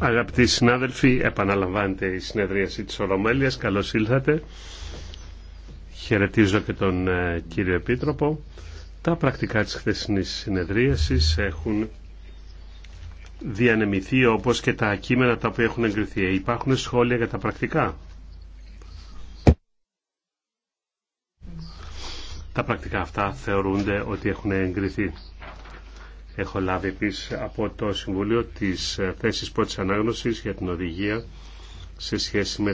Αγαπητοί συνάδελφοι, επαναλαμβάνεται η συνεδρίαση της Ολομέλειας. Καλώς ήλθατε. Χαιρετίζω και τον ε, κύριο Επίτροπο. Τα πρακτικά της χθεσινής συνεδρίασης έχουν διανεμηθεί όπως και τα ακείμενα τα οποία έχουν εγκριθεί. Ε, υπάρχουν σχόλια για τα πρακτικά. Τα πρακτικά αυτά θεωρούνται ότι έχουν εγκριθεί. Έχω λάβει επίση από το Συμβουλίο τις θέσεις πρώτης ανάγνωσης για την οδηγία σε σχέση με